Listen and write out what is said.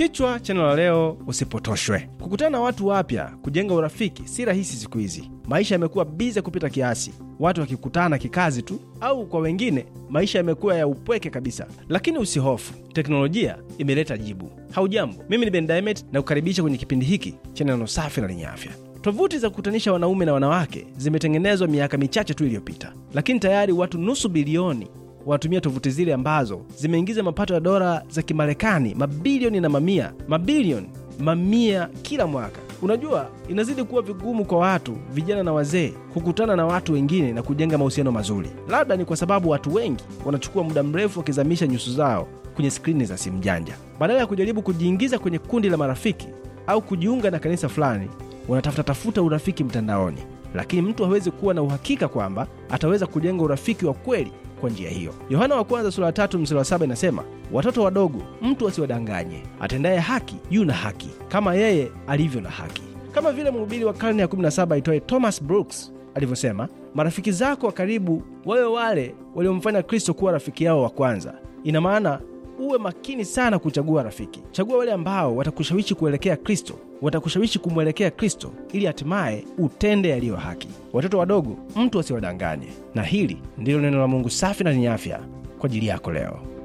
Kichwa cha neno la leo, usipotoshwe. Kukutana na watu wapya, kujenga urafiki si rahisi siku hizi. Maisha yamekuwa biza kupita kiasi, watu wakikutana kikazi tu, au kwa wengine maisha yamekuwa ya upweke kabisa. Lakini usihofu, teknolojia imeleta jibu. Haujambo, mimi ni Ben Diamond na kukaribisha kwenye kipindi hiki cha neno safi na lenye afya. Tovuti za kukutanisha wanaume na wanawake zimetengenezwa miaka michache tu iliyopita, lakini tayari watu nusu bilioni wanatumia tovuti zile ambazo zimeingiza mapato ya dola za Kimarekani mabilioni na mamia mabilioni mamia kila mwaka. Unajua, inazidi kuwa vigumu kwa watu vijana na wazee kukutana na watu wengine na kujenga mahusiano mazuri. Labda ni kwa sababu watu wengi wanachukua muda mrefu wakizamisha nyuso zao kwenye skrini za simu janja, badala ya kujaribu kujiingiza kwenye kundi la marafiki au kujiunga na kanisa fulani. Wanatafuta tafuta urafiki mtandaoni, lakini mtu hawezi kuwa na uhakika kwamba ataweza kujenga urafiki wa kweli kwa njia hiyo. Yohana wa kwanza sura ya tatu mstari wa saba inasema, watoto wadogo, mtu asiwadanganye, atendaye haki yu na haki kama yeye alivyo na haki. Kama vile mhubiri wa karne ya 17 aitwaye Thomas Brooks alivyosema, marafiki zako wa karibu wawe wale waliomfanya Kristo kuwa rafiki yao wa kwanza. Ina maana uwe makini sana kuchagua rafiki. Chagua wale ambao watakushawishi kuelekea Kristo, watakushawishi kumwelekea Kristo ili hatimaye utende yaliyo haki. Watoto wadogo, mtu asiwadanganye. Na hili ndilo neno la Mungu safi na lenye afya kwa ajili yako leo.